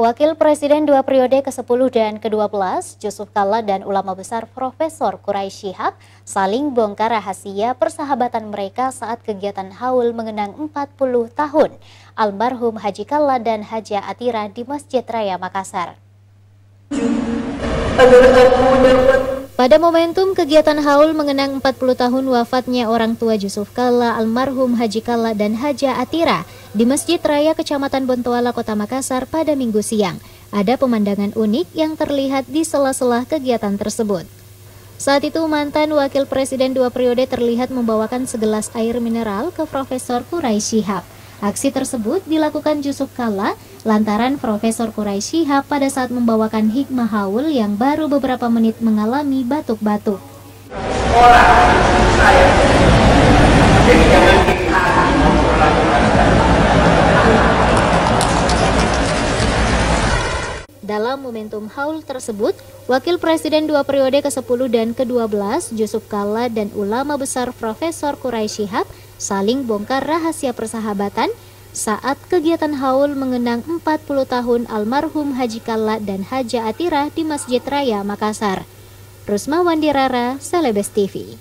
Wakil Presiden dua periode ke-10 dan ke-12, Yusuf Kalla dan ulama besar Profesor Quraisy Shihab saling bongkar rahasia persahabatan mereka saat kegiatan haul mengenang 40 tahun almarhum Haji Kalla dan Haja Atira di Masjid Raya Makassar. Pada momentum kegiatan haul mengenang 40 tahun wafatnya orang tua Yusuf Kalla, almarhum Haji Kalla dan Haja Atira, di Masjid Raya Kecamatan Bontoala, Kota Makassar pada minggu siang. Ada pemandangan unik yang terlihat di sela-sela kegiatan tersebut. Saat itu mantan wakil presiden dua periode terlihat membawakan segelas air mineral ke Profesor Kurai Shihab. Aksi tersebut dilakukan Yusuf Kala lantaran Profesor Kurai Shihab pada saat membawakan hikmah haul yang baru beberapa menit mengalami batuk-batuk. Dalam momentum haul tersebut, Wakil Presiden dua periode ke-10 dan ke-12, Yusuf Kalla dan ulama besar Profesor Kurai Shihab saling bongkar rahasia persahabatan saat kegiatan haul mengenang 40 tahun almarhum Haji Kalla dan Haja Atira di Masjid Raya Makassar. Rusma Wandirara, Celebes TV.